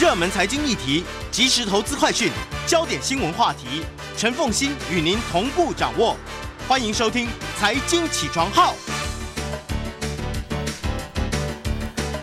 熱門財經議題、即時投資快訊、焦點新聞話題，陳鳳馨與您同步掌握。歡迎收聽《財經起床號》。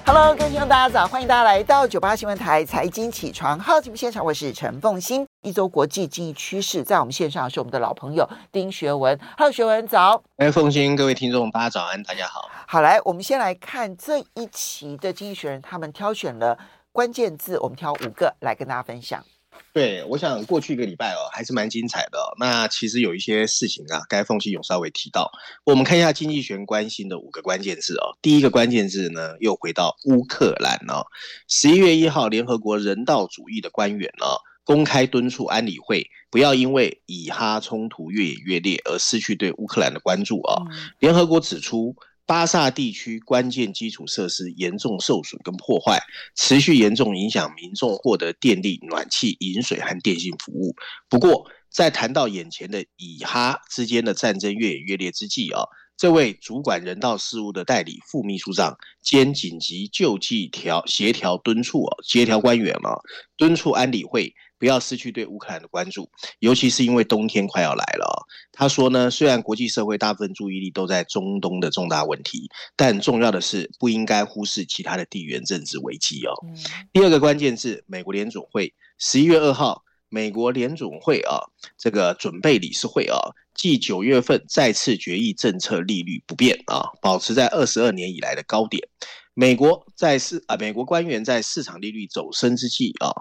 Hello，各位聽眾，大家早！歡迎大家來到九八新聞台《財經起床號》節目現場，我是陳鳳馨。一周國際經濟趨勢，在我們線上是我們的老朋友丁學文 Hello, 學文。h e 學文早。哎鳳馨，各位聽眾，大家早安，大家好。好，來，我們先來看這一期的經濟學人，他們挑選了。關鍵字，我們挑五個來跟大家分享。對，我想過去一個禮拜哦，還是蠻精彩的、哦。那其實有一些事情啊，剛才鳳馨有稍微提到。我們看一下經濟圈關心的五個關鍵字哦。第一個關鍵字呢，又回到烏克蘭哦。十一月一號，聯合國人道主義的官員呢、哦，公開敦促安理會不要因為以哈衝突越演越烈而失去對烏克蘭的關注哦，聯、嗯、合國指出。巴薩地區關鍵基礎設施嚴重受損跟破壞，持續嚴重影響民眾獲得電力、暖氣、飲水和電信服務。不過，在談到眼前的以哈之間的戰爭越演越烈之際啊、哦，這位主管人道事務的代理副秘書長兼緊急救濟調協調敦促啊協調官員啊敦促安理會。不要失去對烏克蘭的關注，尤其是因為冬天快要來了、哦。他說呢，雖然國際社會大部分注意力都在中東的重大問題，但重要的是不應該忽視其他的地緣政治危機哦。嗯、第二個關鍵是美國聯準會，十一月二號，美國聯準會啊，這個準備理事會啊，繼九月份再次決議政策利率不變啊，保持在二十二年以來的高點。美國在市啊、呃，美國官員在市場利率走升之際啊。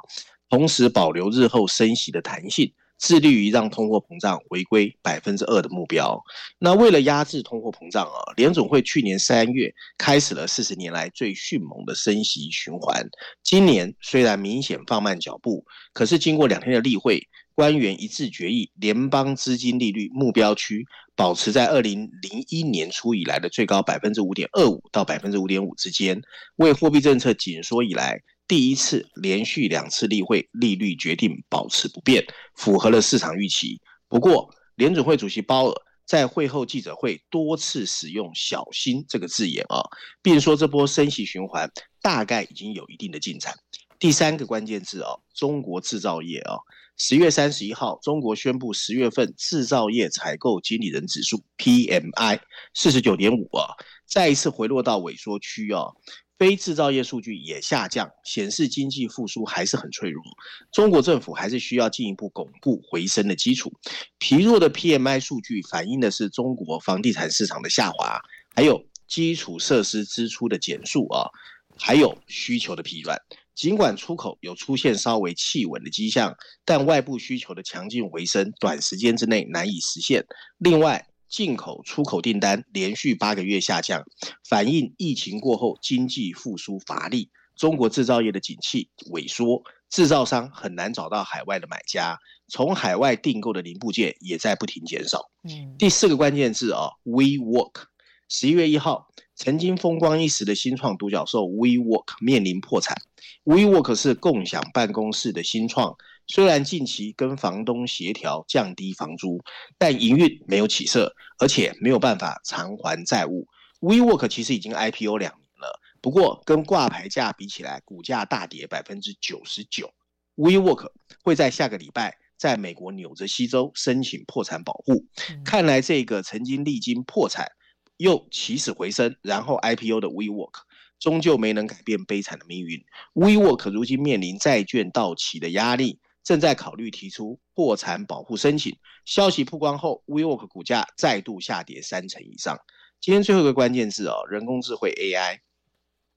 同時保留日後升息的彈性，致力於讓通貨膨脹回歸百分之二的目標。那為了壓制通貨膨脹啊，聯總會去年三月開始了四十年來最迅猛的升息循環。今年雖然明顯放慢腳步，可是經過兩天的例會，官員一致決議，聯邦資金利率目標區保持在二零零一年初以來的最高百分之五點二五到百分之五點五之間，為貨幣政策緊縮以來，第一次連續兩次例會，利率決定保持不變，符合了市場預期。不過，聯準會主席鮑爾在會後記者會多次使用“小心”這個字眼啊，並說這波升息循環大概已經有一定的進展。第三個關鍵字啊，中國製造業啊，十月三十一號，中國宣布十月份製造業採購經理人指數 PMI 四十九點五啊，再一次回落到萎縮區啊非製造業數據也下降，顯示經濟復甦還是很脆弱。中國政府還是需要進一步鞏固回升的基礎。疲弱的 PMI 數據反映的是中國房地產市場的下滑，還有基礎設施支出的減速啊，還有需求的疲軟。儘管出口有出現稍微企穩的跡象，但外部需求的強勁回升，短時間之內難以實現。另外，進口、出口訂單連續八個月下降，反映疫情過後經濟復甦乏力。中國製造業的景氣萎縮，製造商很難找到海外的買家，從海外訂購的零部件也在不停減少。嗯，第四個關鍵字啊，WeWork。十一月一號，曾經風光一時的新創獨角獸 WeWork 面臨破產。WeWork 是共享辦公室的新創。雖然近期跟房東協調降低房租，但營運沒有起色，而且沒有辦法償還債務。WeWork 其實已經 IPO 兩年了，不過跟掛牌價比起來，股價大跌百分之九十九。WeWork 會在下個禮拜在美國紐澤西州申請破產保護。嗯、看來這個曾經歷經破產，又起死回生，然後 IPO 的 WeWork，終究沒能改變悲慘的命運。WeWork 如今面臨債券到期的壓力。正在考慮提出破產保護申請。消息曝光後，WeWork 股價再度下跌三成以上。今天最後一個關鍵字哦，人工智慧 AI。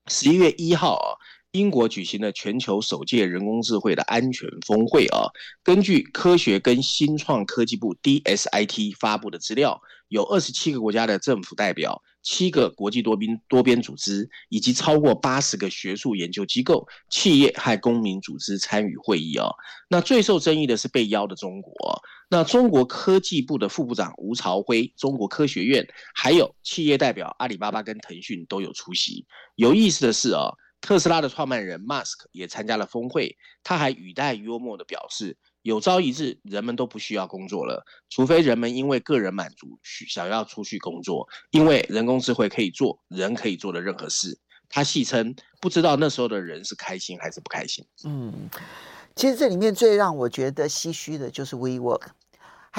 十一月一號啊，英國舉行了全球首屆人工智慧的安全峰會啊。根據科學跟新創科技部 DSIT 發布的資料，有二十七個國家的政府代表。七個國際多邊多邊組織，以及超過八十個學術研究機構、企業和公民組織參與會議。哦、那最受爭議的是被邀的中國。那中國科技部的副部長吳朝輝，中國科學院，還有企業代表阿里巴巴跟騰訊都有出席。有意思的是啊、哦，特斯拉的創辦人馬斯克也參加了峰會，他還語帶幽默的表示，有朝一日，人們都不需要工作了，除非人們因為個人滿足，想要出去工作，因為人工智慧可以做人可以做的任何事。他戲稱不知道那時候的人是開心還是不開心。嗯，其實這裡面最讓我覺得唏噓的就是 WeWork。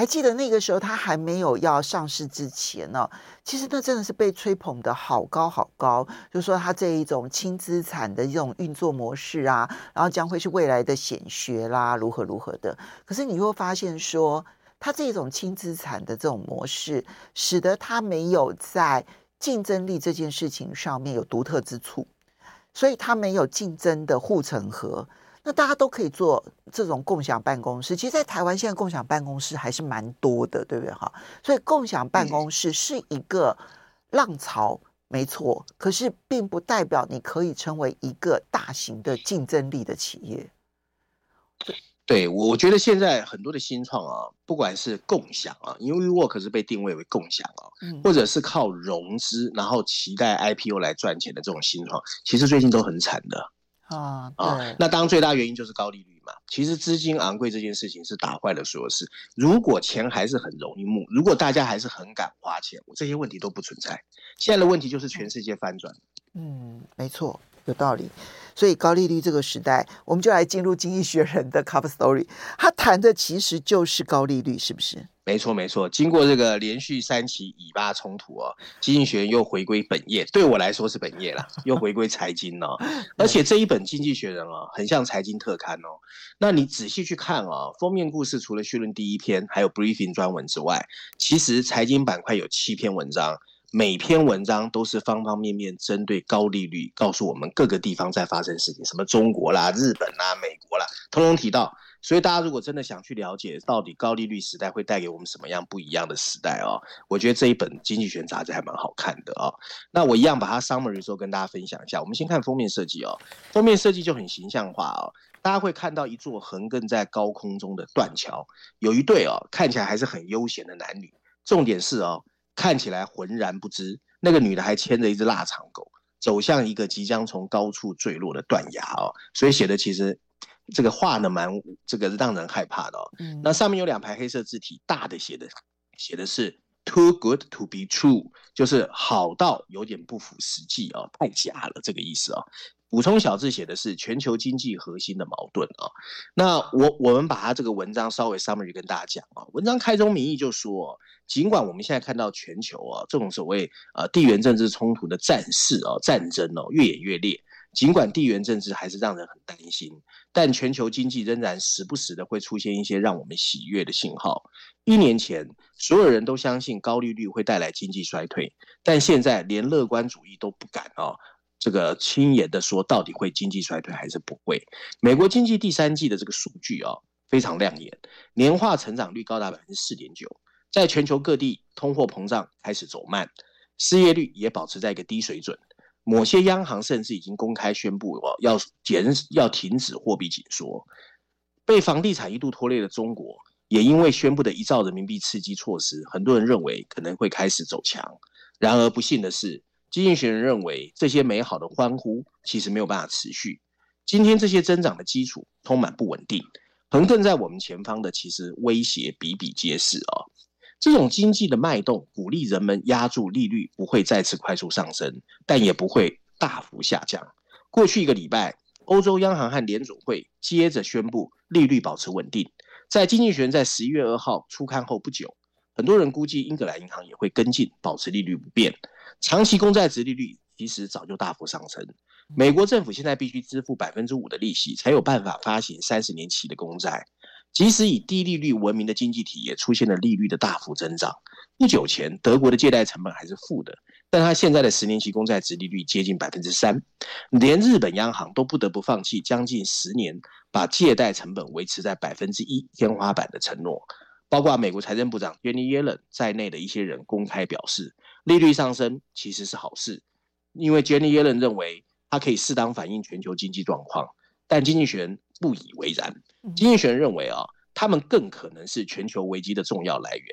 還記得那個時候，他還沒有要上市之前呢、哦，其實他真的是被吹捧得好高好高，就是說他這一種輕資產的這種運作模式啊，然後將會是未來的顯學啦，如何如何的。可是你會發現說，說他這種輕資產的這種模式，使得他沒有在競爭力這件事情上面有獨特之處，所以他沒有競爭的護城河。那大家都可以做這種共享辦公室，其實，在台灣現在共享辦公室還是蠻多的，對不對？哈，所以共享辦公室是一個浪潮，嗯、沒錯。可是，並不代表你可以成為一個大型的競爭力的企業。對，我覺得現在很多的新創啊，不管是共享啊，因為沃可 WeWork 是被定位為共享啊，嗯、或者是靠融資然後期待 IPO 來賺錢的這種新創，其實最近都很慘的。啊對、哦，那當然，最大原因就是高利率嘛。其實資金昂貴這件事情是打壞了所有事。如果錢還是很容易募，如果大家還是很敢花錢，我這些問題都不存在。現在的問題就是全世界翻轉。嗯，沒錯，有道理。所以高利率這個時代，我們就來進入《經濟學人》的 cover story，他談的其實就是高利率，是不是？沒錯沒錯，經過這個連續三期以巴衝突哦，經濟學人又回歸本業，對我來說是本業啦， 又回歸財經了哦。而且這一本經濟學人哦，很像財經特刊哦。那你仔細去看哦，封面故事除了緒論第一篇，還有 briefing 專文之外，其實財經板塊有七篇文章，每篇文章都是方方面面針對高利率，告訴我們各個地方在發生事情，什麼中國啦、日本啦、美國啦，通通提到。所以大家如果真的想去了解到底高利率時代會帶給我們什麼樣不一樣的時代哦，我覺得這一本《經濟學》雜誌還蠻好看的哦。那我一樣把它 summary 之後，跟大家分享一下。我們先看封面設計哦，封面設計就很形象化哦，大家會看到一座橫亘在高空中的斷橋，有一對哦看起來還是很悠閒的男女，重點是哦看起來渾然不知，那個女的還牽着一隻臘腸狗走向一個即將從高處墜落的斷崖哦，所以寫的其實。這個話呢蠻，這個讓人害怕的哦。那上面有兩排黑色字體，大的寫的寫的是 “too good to be true”，就是好到有點不符實際啊、哦，太假了這個意思啊、哦。補充小字寫的是全球經濟核心的矛盾啊、哦。那我我們把它這個文章稍微 summary 跟大家講啊。文章開宗明義就說，儘管我們現在看到全球啊這種所謂啊地緣政治衝突的戰事啊戰爭哦越演越烈。儘管地緣政治還是讓人很擔心，但全球經濟仍然時不時的會出現一些讓我們喜悅的信號。一年前，所有人都相信高利率會帶來經濟衰退，但現在連樂觀主義都不敢啊、哦，這個輕言的說到底會經濟衰退還是不會？美國經濟第三季的這個數據啊、哦，非常亮眼，年化成長率高達百分之四點九，在全球各地通貨膨脹開始走慢，失業率也保持在一個低水準。某些央行甚至已經公開宣布了要減、要停止貨幣緊縮。被房地產一度拖累的中國，也因為宣布的一兆人民幣刺激措施，很多人認為可能會開始走強。然而不幸的是，經濟學人認為這些美好的歡呼其實沒有辦法持續。今天這些增長的基礎充滿不穩定，橫亙在我們前方的其實威脅比比皆是啊。這種經濟的脈動鼓勵人們壓住利率不會再次快速上升，但也不會大幅下降。過去一個禮拜，歐洲央行和聯總會接着宣布利率保持穩定。在經濟學在十一月二號出刊後不久，很多人估計英格蘭銀行也會跟進，保持利率不變。長期公債值利率其實早就大幅上升，美國政府現在必須支付百分之五的利息才有辦法發行三十年期的公債。即使以低利率聞名的經濟體，也出現了利率的大幅增長。不久前，德國的借貸成本還是負的，但它現在的十年期公債殖利率接近百分之三，連日本央行都不得不放棄將近十年把借貸成本維持在百分之一天花板的承諾。包括美國財政部長 Jenny Yellen 在內的一些人公開表示，利率上升其實是好事，因為 Jenny Yellen 認為它可以適當反映全球經濟狀況，但經濟學人不以為然。經濟學人認為啊、哦，他們更可能是全球危機的重要來源，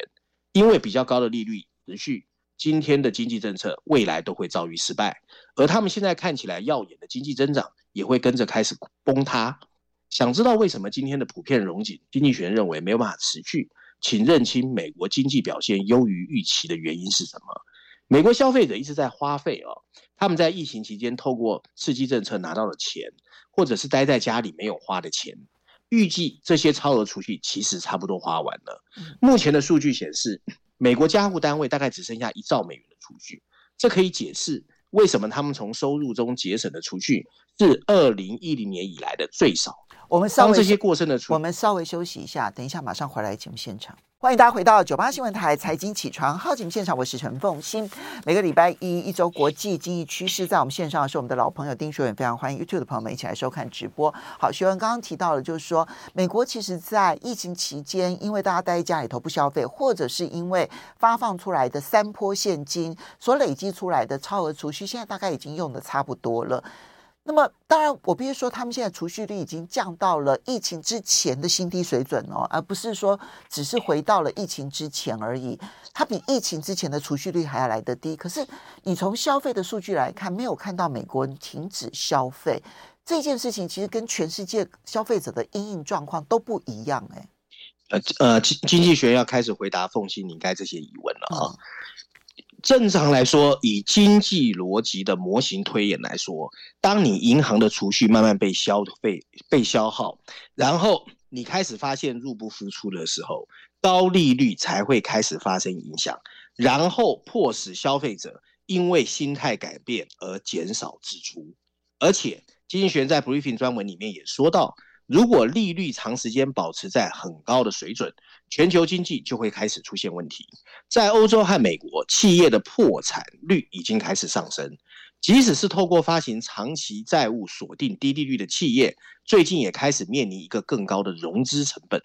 因為比較高的利率持續，今天的經濟政策未來都會遭遇失敗，而他們現在看起來耀眼的經濟增長也會跟着開始崩塌。想知道為什麼今天的普遍榮景，經濟學人認為沒有辦法持續，請認清美國經濟表現優於預期的原因是什麼？美國消費者一直在花費哦，他們在疫情期間透過刺激政策拿到了錢，或者是待在家裡沒有花的錢。預計這些超額儲蓄其實差不多花完了。目前的數據顯示，美國家戶單位大概只剩下一兆美元的儲蓄，這可以解釋為什麼他們從收入中節省的儲蓄是二零一零年以來的最少。我們稍微這些過剩的，我們稍微休息一下，等一下馬上回來節目現場。歡迎大家回到九八新聞台財經起床號節目現場，我是陳鳳馨。每個禮拜一一周國際經濟趨勢，在我們線上的是我們的老朋友丁學文，非常歡迎 YouTube 的朋友們一起來收看直播。好，學文剛剛提到的就是說美國其實，在疫情期間，因為大家待在家裡頭不消費，或者是因為發放出來的三波現金所累積出來的超額儲蓄，現在大概已經用得差不多了。那麼，當然，我必須說，他們現在儲蓄率已經降到了疫情之前的新低水準哦，而不是說只是回到了疫情之前而已。它比疫情之前的儲蓄率還要來得低。可是，你從消費的數據來看，沒有看到美國人停止消費這件事情，其實跟全世界消費者的因應狀況都不一樣哎呃。呃經、經濟學要開始回答鳳馨你應該這些疑問了、啊。嗯正常來說，以經濟邏輯的模型推演來說，當你銀行的儲蓄慢慢被消費、被消耗，然後你開始發現入不敷出的時候，高利率才會開始發生影響，然後迫使消費者因為心態改變而減少支出，而且經濟學人在 briefing 專文裡面也說到。如果利率長時間保持在很高的水準，全球經濟就會開始出現問題。在歐洲和美國，企業的破產率已經開始上升。即使是透過發行長期債務鎖定低利率的企業，最近也開始面臨一個更高的融資成本。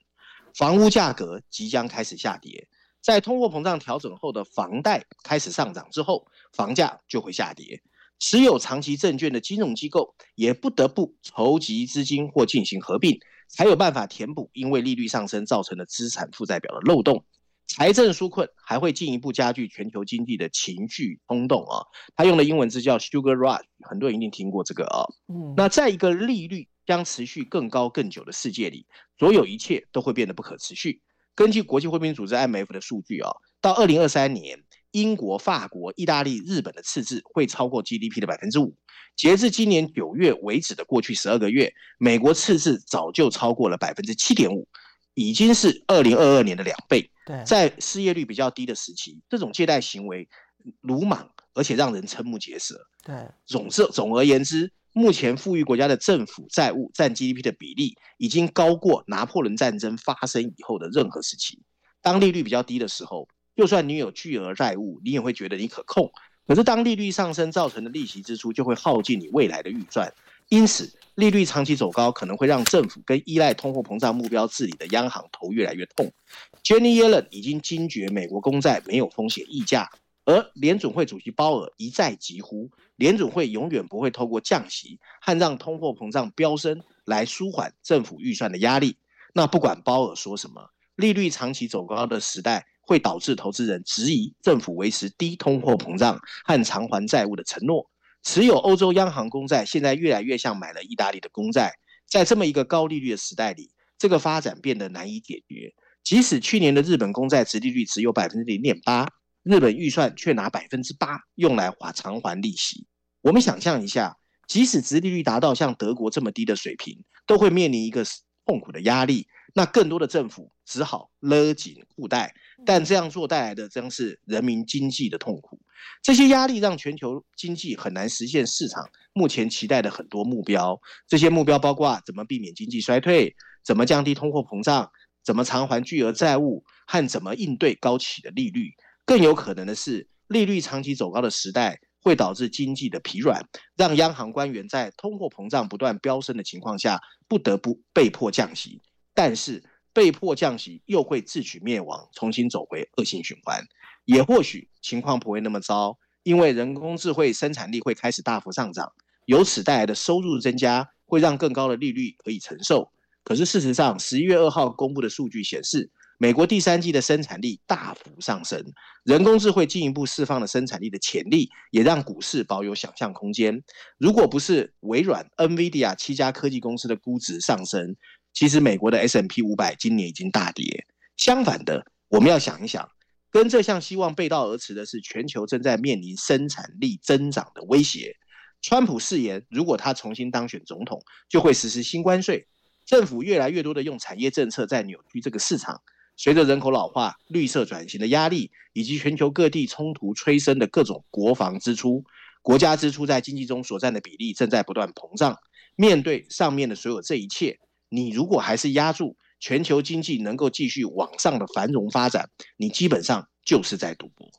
房屋價格即將開始下跌。在通貨膨脹調整後的房貸開始上漲之後，房價就會下跌。持有長期證券的金融機構也不得不籌集資金或進行合併，才有辦法填補因為利率上升造成的資產負債表的漏洞。財政紓困還會進一步加劇全球經濟的情緒衝動啊、哦。他用的英文字叫 sugar rush，很多人一定聽過這個啊、哦。嗯，那在一個利率將持續更高更久的世界裡，所有一切都會變得不可持續。根據國際貨幣組織 IMF 的數據啊、哦，到二零二三年。英國、法國、意大利、日本的赤字會超過 GDP 的百分之五。截至今年九月為止的過去十二個月，美國赤字早就超過了百分之七點五，已經是二零二二年的兩倍。對，在失業率比較低的時期，這種借貸行為魯莽，而且讓人瞠目結舌。對，總之，總而言之，目前富裕國家的政府債務占 GDP 的比例已經高過拿破崙戰爭發生以後的任何時期。當利率比較低的時候。就算你有巨額債務，你也會覺得你可控。可是，當利率上升造成的利息支出就會耗盡你未來的預算。因此，利率長期走高可能會讓政府跟依賴通貨膨脹目標治理的央行頭越來越痛。珍妮耶倫已經驚覺美國公債沒有風險溢價，而聯準會主席鮑爾一再疾呼，聯準會永遠不會透過降息和讓通貨膨脹飆升來舒緩政府預算的壓力。那不管鮑爾說什麼，利率長期走高的時代，會導致投資人質疑政府維持低通貨膨脹和償還債務的承諾。持有歐洲央行公債現在越來越像買了意大利的公債。在這麼一個高利率的時代裡，這個發展變得難以解決。即使去年的日本公債殖利率只有百分之零點八，日本預算卻拿百分之八用來還償還利息。我們想象一下，即使殖利率達到像德國這麼低的水平，都會面臨一個。痛苦的壓力，那更多的政府只好勒緊褲帶，但這樣做帶來的將是人民經濟的痛苦。這些壓力讓全球經濟很難實現市場目前期待的很多目標。這些目標包括怎麼避免經濟衰退，怎麼降低通貨膨脹，怎麼償還巨額債務，和怎麼應對高企的利率。更有可能的是，利率長期走高的時代。會導致經濟的疲軟，讓央行官員在通貨膨脹不斷飆升的情況下，不得不被迫降息。但是被迫降息又會自取滅亡，重新走回惡性循環。也或許情況不會那麼糟，因為人工智慧生產力會開始大幅上漲，由此帶來的收入增加會讓更高的利率可以承受。可是事實上，十一月二號公布的數據顯示，美國第三季的生產力大幅上升，人工智慧進一步釋放了生產力的潛力，也讓股市保有想象空間。如果不是微軟、NVIDIA 七家科技公司的估值上升，其實美國的 S&P 五百今年已經大跌。相反的，我們要想一想，跟這項希望背道而馳的是，全球正在面臨生產力增長的威脅。川普誓言，如果他重新當選總統，就會實施新關稅。政府越來越多的用產業政策在扭曲這個市場。隨着人口老化、綠色轉型的壓力，以及全球各地衝突催生的各種國防支出，國家支出在經濟中所占的比例正在不斷膨脹。面對上面的所有這一切，你如果還是押注全球經濟能夠繼續往上的繁榮發展，你基本上就是在賭博。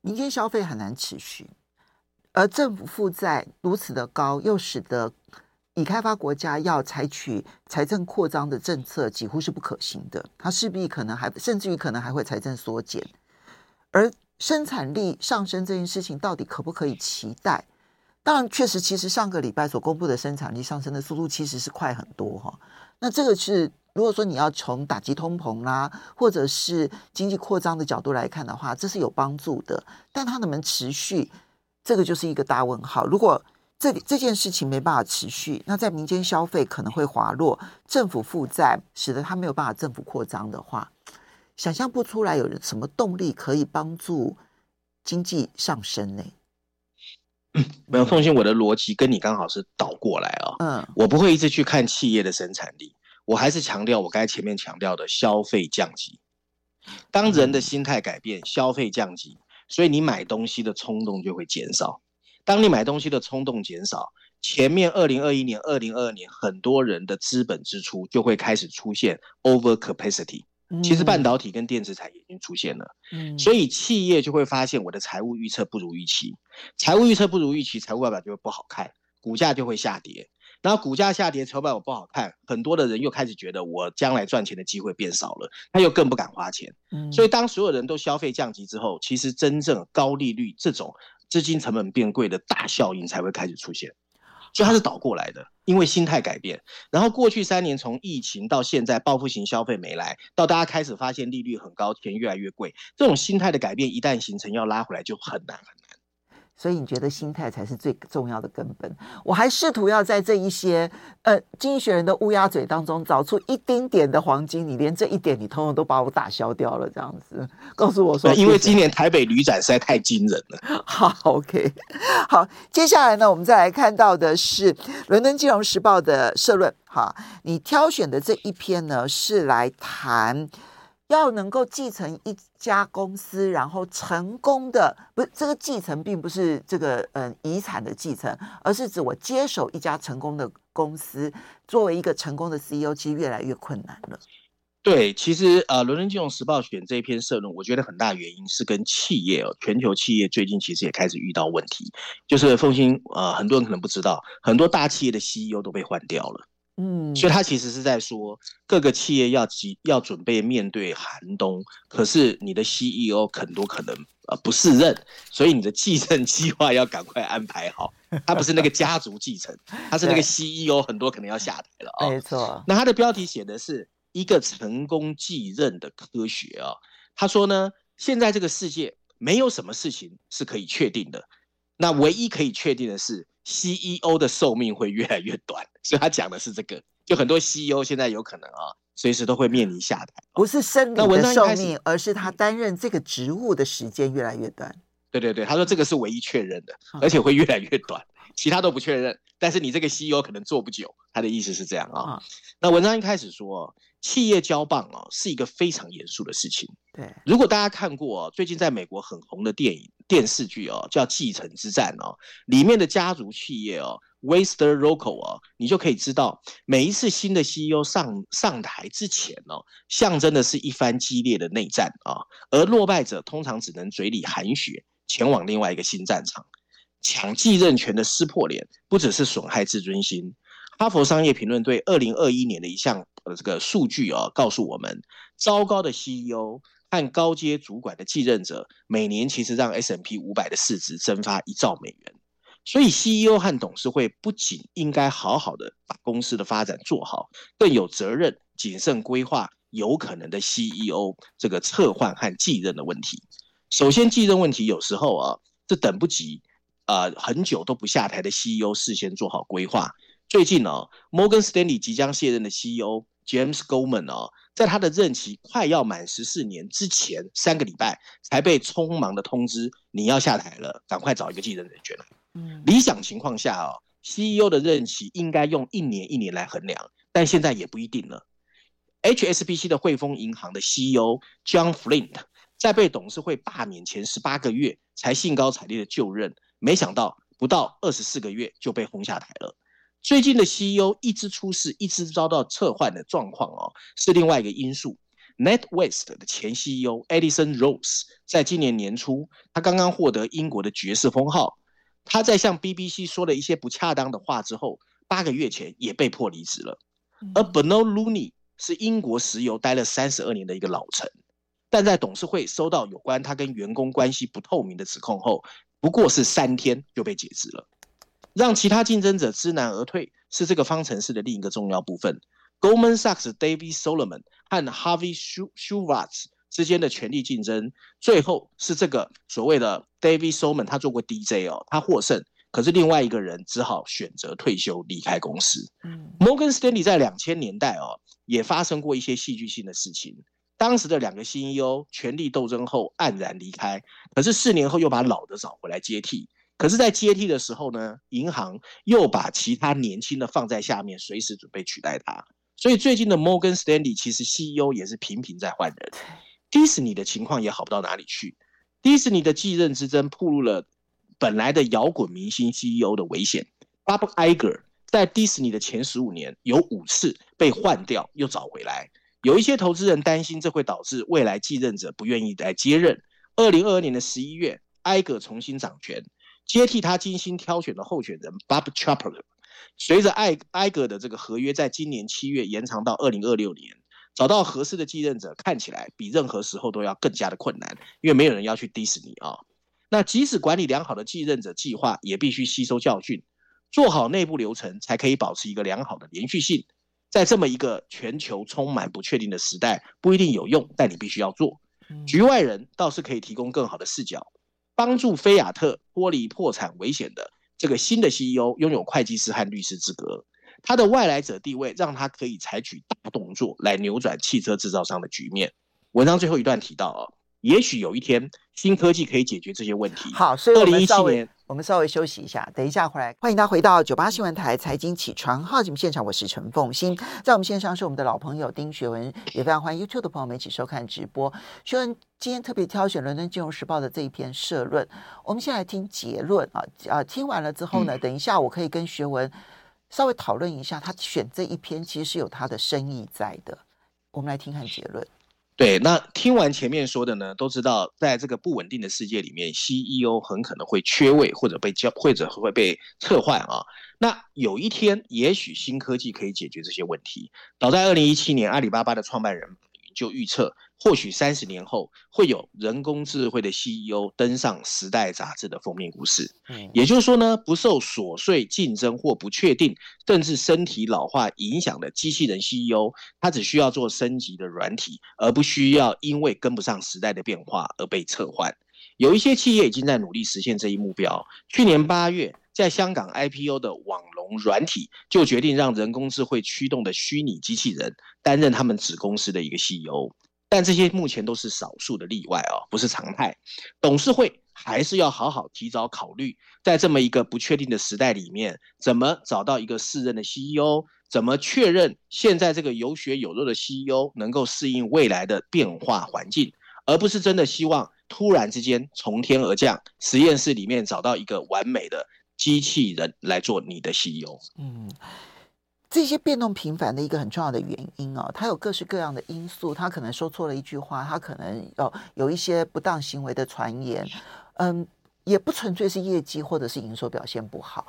民間消費很難持續，而政府負債如此的高，又使得。已開發國家要採取財政擴張的政策，幾乎是不可行的。它勢必可能還甚至於可能還會財政縮減，而生產力上升這件事情到底可不可以期待？當然，確實，其實上個禮拜所公布的生產力上升的速度其實是快很多哈、哦。那這個是如果說你要從打擊通膨啦、啊，或者是經濟擴張的角度來看的話，這是有幫助的。但它能不能持續，這個就是一個大問號。如果這這件事情沒辦法持續，那在民間消費可能會滑落，政府負債使得他沒有辦法政府擴張的話，想象不出來有什麼動力可以幫助經濟上升呢？沒有，奉行我的邏輯跟你剛好是倒過來啊。嗯，我不會一直去看企業的生產力，我還是強調我剛才前面強調的消費降級。當人的心態改變，嗯、消費降級，所以你買東西的衝動就會減少。當你買東西的衝動減少，前面二零二一年、二零二二年很多人的資本支出就會開始出現 overcapacity、嗯。其實半導體跟電子產業已經出現了，嗯、所以企業就會發現我的財務預測不如預期，財務預測不如預期，財務報表就會不好看，股價就會下跌。然後股價下跌，財報又不好看，很多的人又開始覺得我將來賺錢的機會變少了，他又更不敢花錢。嗯、所以當所有人都消費降級之後，其實真正高利率這種。資金成本變貴的大效應才會開始出現，所以它是倒過來的，因為心態改變。然後過去三年從疫情到現在，報復性消費沒來到，大家開始發現利率很高，錢越來越貴，這種心態的改變一旦形成，要拉回來就很難很難。所以你覺得心態才是最重要的根本？我還試圖要在這一些呃經濟學人的烏鴉嘴當中找出一丁點的黃金，你連這一點你通通都把我打消掉了，這樣子告訴我說，因為今年台北旅展實在太驚人了。 好，OK，好，接下來呢，我們再來看到的是《倫敦金融時報》的社論。好，你挑選的這一篇呢，是來談。要能夠繼承一家公司，然後成功的，不是這個繼承，並不是這個嗯遺產的繼承，而是指我接手一家成功的公司，作為一個成功的 CEO，其實越來越困難了。對，其實呃，《倫敦金融時報》選這一篇社論，我覺得很大原因是跟企業、哦，全球企業最近其實也開始遇到問題，就是鳳馨，呃，很多人可能不知道，很多大企業的 CEO 都被換掉了。嗯，所以他其實是在說，各個企業要及要準備面對寒冬。可是你的 CEO 很多可能呃不勝任，所以你的繼任計劃要趕快安排好。他不是那個家族繼承， 他是那個 CEO 對很多可能要下台了啊。哦、沒錯。那他的標題寫的是一個成功繼任的科學啊、哦。他說呢，現在這個世界沒有什麼事情是可以確定的，那唯一可以確定的是。嗯 CEO 的壽命會越來越短，所以他講的是這個。就很多 CEO 現在有可能啊，隨時都會面臨下台，哦、不是生理的壽命，而是他擔任這個職務的時間越來越短，嗯。對對對，他說這個是唯一確認的，嗯，而且會越來越短，Okay. 其他都不確認。但是你這個 CEO 可能做不久，他的意思是這樣啊。哦嗯，那文章一開始說。企業交棒哦，是一個非常嚴肅的事情。對，如果大家看過、哦、最近在美國很紅的電影電視劇哦，叫《繼承之戰》哦，裡面的家族企業哦 Waystar RoyCo 哦，你就可以知道，每一次新的 CEO 上上台之前哦，象徵的是一番激烈的內戰啊、哦，而落敗者通常只能嘴裡含血，前往另外一個新戰場，搶繼任權的撕破臉，不只是損害自尊心。哈佛商業評論對二零二一年的一項呃，這個數據啊告訴我們，糟糕的 CEO 和高階主管的繼任者，每年其實讓 S&P 五百的市值蒸發一兆美元。所以，CEO 和董事會不僅應該好好的把公司的發展做好，更有責任謹慎規劃有可能的 CEO 這個撤換和繼任的問題。首先，繼任問題有時候啊，這等不及啊、呃，很久都不下台的 CEO 事先做好規劃。最近啊，摩根士丹利即將卸任的 CEO。James Goldman 哦，在他的任期快要滿十四年之前三個禮拜，才被匆忙的通知你要下台了，趕快找一個繼任人選來。理想情況下哦，CEO 的任期應該用一年一年來衡量，但現在也不一定了。HSBC 的匯豐銀行的 CEO John Flint 在被董事會罷免前十八個月才興高采烈的就任，沒想到不到二十四個月就被轟下台了。最近的 CEO 一直出事，一直遭到撤換的狀況哦，是另外一個因素。NatWest 的前 CEO Edison Rose 在今年年初，他剛剛獲得英國的爵士封號，他在向 BBC 說了一些不恰當的話之後，八個月前也被迫離職了。而 Bernard Looney 是英國石油待了三十二年的一個老臣，但在董事會收到有關他跟員工關係不透明的指控後，不過是三天就被解職了。讓其他競爭者知難而退，是這個方程式的另一個重要部分。Goldman Sachs David Solomon 和 Harvey Schwartz 之間的權力競爭，最後是這個所謂的 David Solomon，他做過 DJ 哦，他獲勝，可是另外一個人只好選擇退休離開公司。嗯，摩根斯坦利在兩千年代哦，也發生過一些戲劇性的事情。當時的兩個 CEO 權力鬥爭後黯然離開，可是四年後又把老的找回來接替。可是，在接替的時候呢，銀行又把其他年輕的放在下面，隨時準備取代他。所以，最近的 Morgan Stanley 其實 CEO 也是頻頻在換人。迪士尼的情況也好不到哪裡去，迪士尼的繼任之爭暴露了本來的搖滾明星 CEO 的危險。Bob Iger 在迪士尼的前十五年有五次被換掉，又找回來。有一些投資人擔心這會導致未來繼任者不願意再接任。二零二二年的十一月，Iger 重新掌權。接替他精心挑選的候選人 Bob Chapek，隨着艾格的這個合約在今年七月延長到二零二六年，找到合適的繼任者看起來比任何時候都要更加的困難，因為沒有人要去迪士尼啊、哦。那即使管理良好的繼任者計劃也必須吸收教訓，做好內部流程，才可以保持一個良好的連續性。在這麼一個全球充滿不確定的時代，不一定有用，但你必須要做。局外人倒是可以提供更好的視角。幫助菲亞特脫離破產危險的這個新的 CEO 擁有會計師和律師資格，他的外來者地位讓他可以採取大動作來扭轉汽車製造商的局面。文章最後一段提到啊、哦。也許有一天，新科技可以解決這些問題。好，所以二零一七年，我們稍微休息一下，等一下回來。歡迎大家回到九八新聞台財經起床號節目現場，我是陳鳳馨。在我們線上是我們的老朋友丁學文，也非常歡迎 YouTube 的朋友們一起收看直播。學文今天特別挑選《倫敦金融時報》的這一篇社論，我們先來聽結論啊啊！聽完了之後呢，嗯、等一下我可以跟學文稍微討論一下，他選這一篇其實是有他的深意在的。我們來聽看結論。對，那聽完前面說的呢，都知道，在這個不穩定的世界裡面，CEO 很可能會缺位，或者被交，或者會被撤換啊。那有一天，也許新科技可以解決這些問題。早在2017年，阿里巴巴的創辦人。就預測，或許三十年後會有人工智慧的 CEO 登上《時代》雜誌的封面故事。嗯，也就是說呢，不受瑣碎競爭或不確定，甚至身體老化影響的機器人 CEO，他只需要做升級的軟體，而不需要因為跟不上時代的變化而被撤換。有一些企業已經在努力實現這一目標。去年八月。在香港 IPO 的網龍軟體就決定讓人工智慧驅動的虛擬機器人擔任他們子公司的一個 CEO，但這些目前都是少數的例外哦，不是常態。董事會還是要好好提早考慮，在這麼一個不確定的時代裡面，怎麼找到一個適任的 CEO，怎麼確認現在這個有血有肉的 CEO 能夠適應未來的變化環境，而不是真的希望突然之間從天而降實驗室裡面找到一個完美的。機器人來做你的 CEO。嗯，這些變動頻繁的一個很重要的原因哦，它有各式各樣的因素，他可能說錯了一句話，他可能哦有,有一些不當行為的傳言，嗯，也不純粹是業績或者是營收表現不好。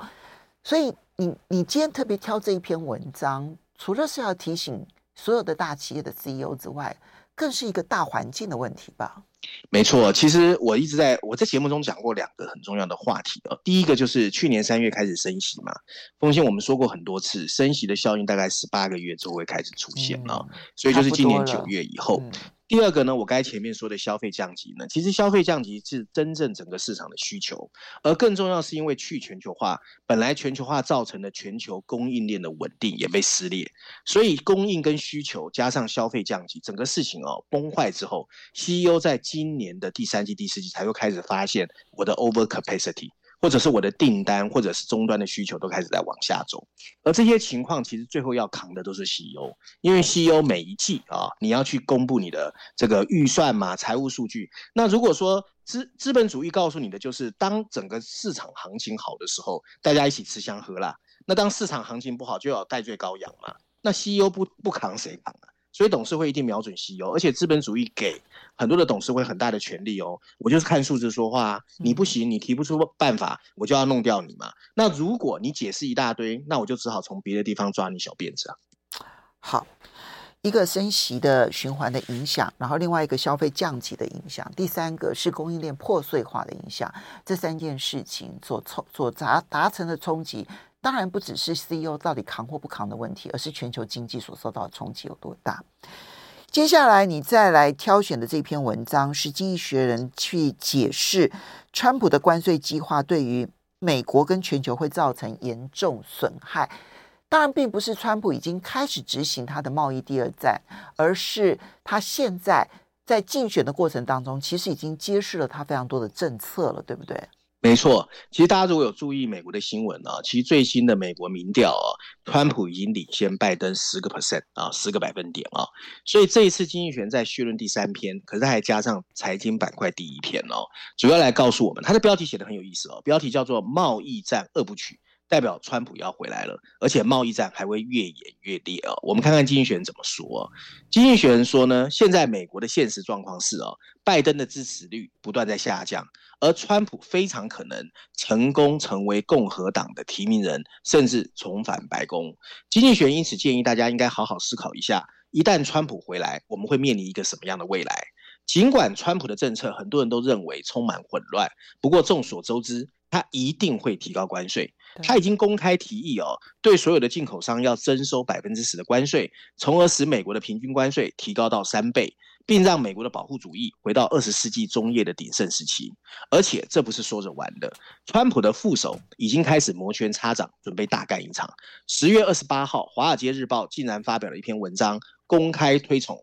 所以你，你你今天特別挑這一篇文章，除了是要提醒所有的大企業的 CEO 之外。更是一個大環境的問題吧？沒錯，其實我一直在我在節目中講過兩個很重要的話題啊、哦。第一個就是去年三月開始升息嘛，風險我們說過很多次，升息的效應大概十八個月之後會開始出現啊、嗯哦，所以就是今年九月以後。第二個呢，我剛才前面說的消費降級呢，其實消費降級是真正整個市場的需求，而更重要是因為去全球化，本來全球化造成的全球供應鏈的穩定也被撕裂，所以供應跟需求加上消費降級，整個事情哦崩壞之後，CEO 在今年的第三季、第四季才會開始發現我的 over capacity。或者是我的訂單，或者是終端的需求都開始在往下走，而這些情況其實最後要扛的都是 CEO，因為 CEO 每一季啊，你要去公布你的這個預算嘛，財務數據。那如果說資資本主義告訴你的就是，當整個市場行情好的時候，大家一起吃香喝辣，那當市場行情不好，就要代罪羔羊嘛。那 CEO 不不扛誰扛啊？所以董事會一定瞄準 CEO，哦，而且資本主義給很多的董事會很大的權力。哦。我就是看數字說話，啊，你不行，你提不出辦法，我就要弄掉你嘛。那如果你解釋一大堆，那我就只好從別的地方抓你小辮子啊。好，一個升息的循環的影響，然後另外一個消費降級的影響，第三個是供應鏈破碎化的影響，這三件事情所衝所達達成的衝擊。當然不只是 CEO 到底扛或不扛的問題，而是全球經濟所受到的衝擊有多大。接下來你再來挑選的這篇文章是《經濟學人》去解釋川普的關稅計劃對於美國跟全球會造成嚴重損害。當然，並不是川普已經開始執行他的貿易第二戰，而是他現在在競選的過程當中，其實已經揭示了他非常多的政策了，對不對？沒錯，其實大家如果有注意美國的新聞啊，其實最新的美國民調啊，川普已經領先拜登十個 percent 啊，十個百分點啊，所以這一次經濟學人在緒論第三篇，可是他還加上財經板塊第一篇哦，主要來告訴我們，它的標題寫得很有意思哦，標題叫做《貿易戰二部曲》。代表川普要回來了，而且貿易戰還會越演越烈哦，我們看看經濟學人怎麼說。經濟學人說呢，現在美國的現實狀況是哦，拜登的支持率不斷在下降，而川普非常可能成功成為共和黨的提名人，甚至重返白宮。經濟學人因此建議大家應該好好思考一下，一旦川普回來，我們會面臨一個什麼樣的未來？儘管川普的政策很多人都認為充滿混亂，不過眾所周知，他一定會提高關稅。他已經公開提議哦，對所有的進口商要徵收百分之十的關稅，從而使美國的平均關稅提高到三倍，並讓美國的保護主義回到二十世紀中葉的鼎盛時期。而且這不是說着玩的，川普的副手已經開始摩拳擦掌，準備大幹一場。十月二十八號，《華爾街日報》竟然發表了一篇文章，公開推崇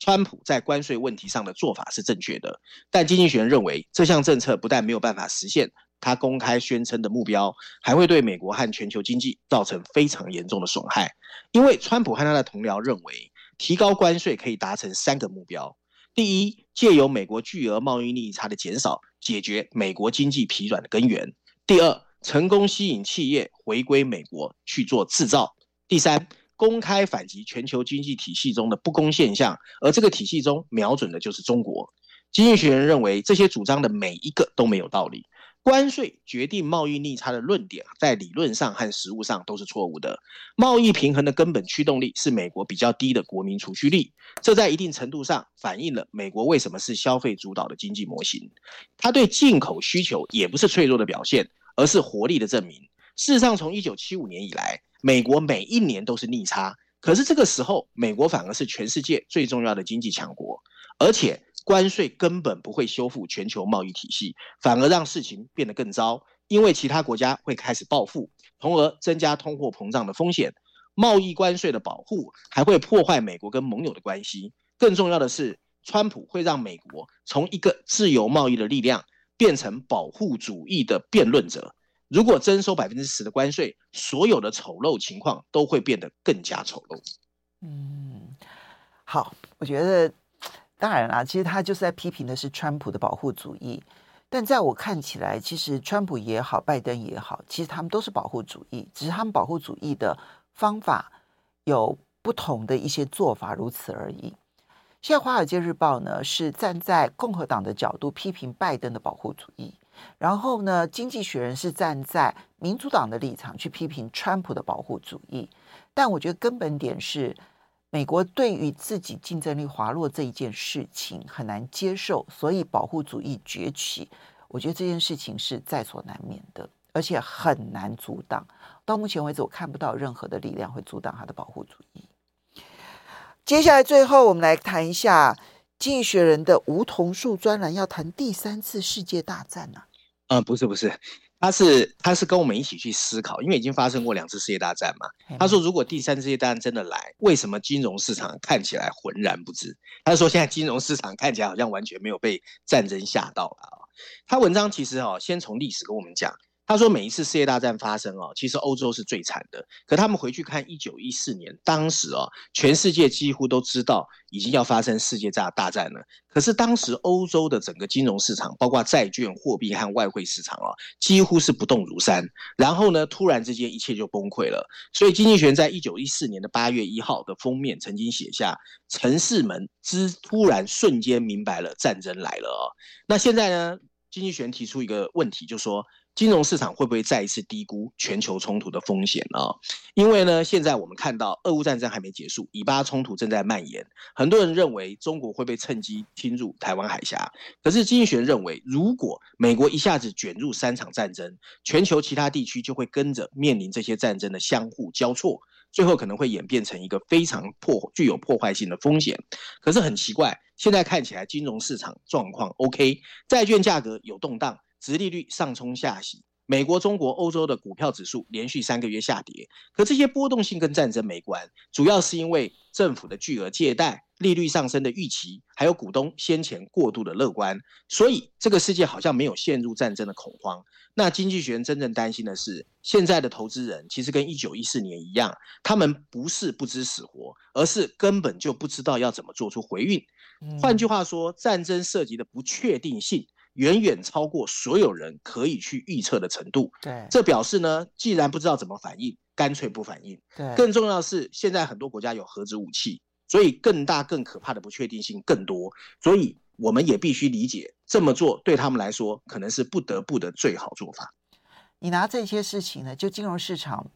川普在關稅問題上的做法是正確的。但經濟學人認為，這項政策不但沒有辦法實現。他公開宣稱的目標還會對美國和全球經濟造成非常嚴重的損害，因為川普和他的同僚認為，提高關稅可以達成三個目標：第一，借由美國巨額貿易逆差的減少，解決美國經濟疲軟的根源；第二，成功吸引企業回歸美國去做製造；第三，公開反擊全球經濟體系中的不公現象，而這個體系中瞄準的就是中國。經濟學人認為，這些主張的每一個都沒有道理。關稅決定貿易逆差的論點，在理論上和實務上都是錯誤的。貿易平衡的根本驅動力是美國比較低的國民儲蓄率，這在一定程度上反映了美國為什麼是消費主導的經濟模型。它對進口需求也不是脆弱的表現，而是活力的證明。事實上，從一九七五年以來，美國每一年都是逆差，可是這個時候，美國反而是全世界最重要的經濟強國，而且。關稅根本不會修復全球貿易體系，反而讓事情變得更糟，因為其他國家會開始報復，從而增加通貨膨脹的風險。貿易關稅的保護還會破壞美國跟盟友的關係。更重要的是，川普會讓美國從一個自由貿易的力量變成保護主義的辯論者。如果徵收百分之十的關稅，所有的醜陋情況都會變得更加醜陋。嗯，好，我覺得。當然啦，其實他就是在批評的是川普的保護主義，但在我看起來，其實川普也好，拜登也好，其實他們都是保護主義，只是他們保護主義的方法有不同的一些做法，如此而已。現在《華爾街日報》呢是站在共和黨的角度批評拜登的保護主義，然後呢，《經濟學人》是站在民主黨的立場去批評川普的保護主義，但我覺得根本點是。美國對於自己競爭力滑落這一件事情很難接受，所以保護主義崛起。我覺得這件事情是在所難免的，而且很難阻擋。到目前為止，我看不到任何的力量會阻擋他的保護主義。接下來，最後我們來談一下《經濟學人》的梧桐樹專欄，要談第三次世界大戰呢、啊？嗯，不是，不是。他是他是，跟我們一起去思考，因為已經發生過兩次世界大戰嘛。他說，如果第三次世界大戰真的來，為什麼金融市場看起來渾然不知？他就說，現在金融市場看起來好像完全沒有被戰爭嚇到了啊、哦。他文章其實哦，先從歷史跟我們講。他說：“每一次世界大戰發生哦，其實歐洲是最慘的。可他們回去看一九一四年，當時哦，全世界幾乎都知道已經要發生世界大大戰了。可是當時歐洲的整個金融市場，包括債券、貨幣和外匯市場哦，幾乎是不動如山。然後呢，突然之間一,一切就崩潰了。所以，《經濟學人》在一九一四年的八月一號的封面曾經寫下：‘城市們之突然瞬間明白了戰爭來了哦。那現在呢，《經濟學人》提出一個問題，就說。”金融市場會不會再一次低估全球衝突的風險呢？哦，因為呢，現在我們看到俄烏戰爭還沒結束，以巴衝突正在蔓延。很多人認為中國會被趁機侵入台灣海峽。可是，經濟學人認為，如果美國一下子卷入三場戰爭，全球其他地區就會跟着面臨這些戰爭的相互交錯，最後可能會演變成一個非常破、具有破壞性的風險。可是很奇怪，現在看起來金融市場狀況 OK，債券價格有動盪。殖利率上衝下洗，美國、中國、歐洲的股票指數連續三個月下跌。可這些波動性跟戰爭沒關，主要是因為政府的巨額借貸、利率上升的預期，還有股東先前過度的樂觀。所以這個世界好像沒有陷入戰爭的恐慌。那經濟學人真正擔心的是，現在的投資人其實跟一九一四年一樣，他們不是不知死活，而是根本就不知道要怎麼做出回應。換、嗯、句話說，戰爭涉及的不確定性。遠遠超過所有人可以去預測的程度。對，這表示呢，既然不知道怎麼反應，乾脆不反應。對，更重要的是，現在很多國家有核子武器，所以更大、更可怕的不確定性更多。所以我們也必須理解，這麼做對他們來說可能是不得不的最好做法。你拿這些事情呢，就金融市場，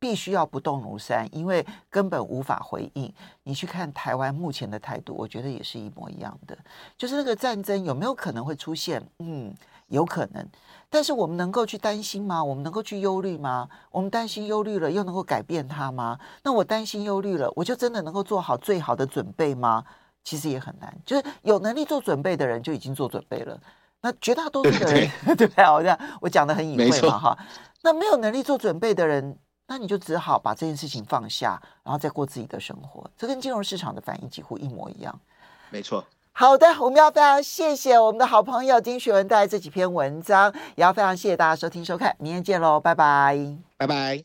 必須要不動如山，因為根本無法回應。你去看台灣目前的態度，我覺得也是一模一樣的。就是那個戰爭有沒有可能會出現？嗯，有可能。但是我們能夠去擔心嗎？我們能夠去憂慮嗎？我們擔心憂慮了，又能夠改變它嗎？那我擔心憂慮了，我就真的能夠做好最好的準備嗎？其實也很難。就是有能力做準備的人，就已經做準備了。那絕大多數的人，對不對？對對對， 對啊？我講，我講的很隱晦嘛哈。那沒有能力做準備的人。那你就只好把這件事情放下，然後再過自己的生活。這跟金融市場的反應幾乎一模一樣。沒錯。好的，我們要非常謝謝我們的好朋友丁學文帶來這幾篇文章，也要非常謝謝大家收聽收看。明天見嘍，拜拜，拜拜。